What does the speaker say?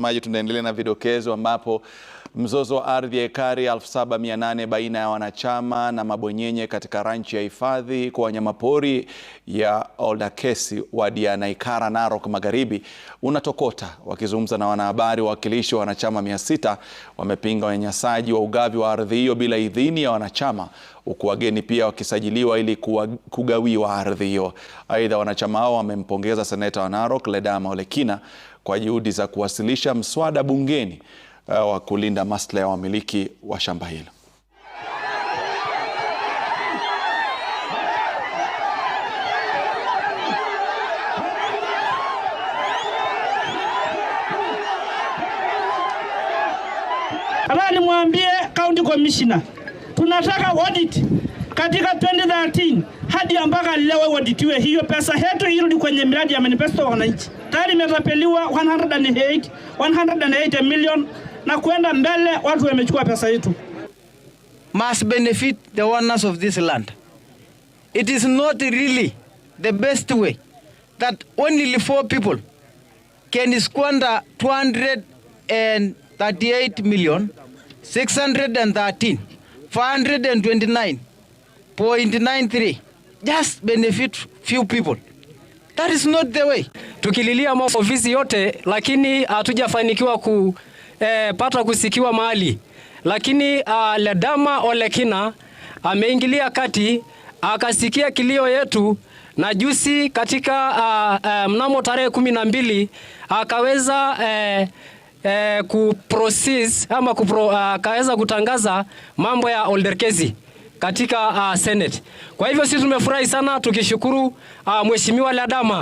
Maji tunaendelea na vidokezo ambapo Mzozo wa ardhi ya ekari 7800 baina ya wanachama na mabwenyenye katika ranchi ya hifadhi kwa wanyamapori ya Oldakesi wadi ya Naikara, Narok Magharibi unatokota. Wakizungumza na wanahabari, wawakilishi wa wanachama 600 wamepinga unyanyasaji wa ugavi wa ardhi hiyo bila idhini ya wanachama, huku wageni pia wakisajiliwa ili kugawiwa ardhi hiyo. Aidha, wanachama hao wamempongeza seneta wa Narok Ledama Olekina kwa juhudi za kuwasilisha mswada bungeni Eh, wa kulinda maslahi ya wamiliki wa shamba hilo. mwambie nimwambie county commissioner, tunataka audit katika 2013 hadi mpaka leo auditiwe hiyo pesa yetu irudi kwenye miradi ya manifesto ya wananchi. Tayari imetapeliwa 108 108 million na kwenda mbele, watu wamechukua pesa yetu. Must benefit the owners of this land. It is not really the best way that only four people can squander 238 million 613 429.93 just benefit few people. That is not the way. Tukililia ofisi yote lakini hatujafanikiwa ku eh, pata kusikiwa mahali, lakini uh, ah, Ledama Olekina ameingilia kati akasikia kilio yetu na jusi katika uh, uh, mnamo tarehe kumi na mbili akaweza uh, eh, uh, eh, kuproces ama kupro, uh, akaweza kutangaza mambo ya Olderkesi katika uh, Senate. Kwa hivyo sisi tumefurahi sana tukishukuru uh, Mheshimiwa Ledama.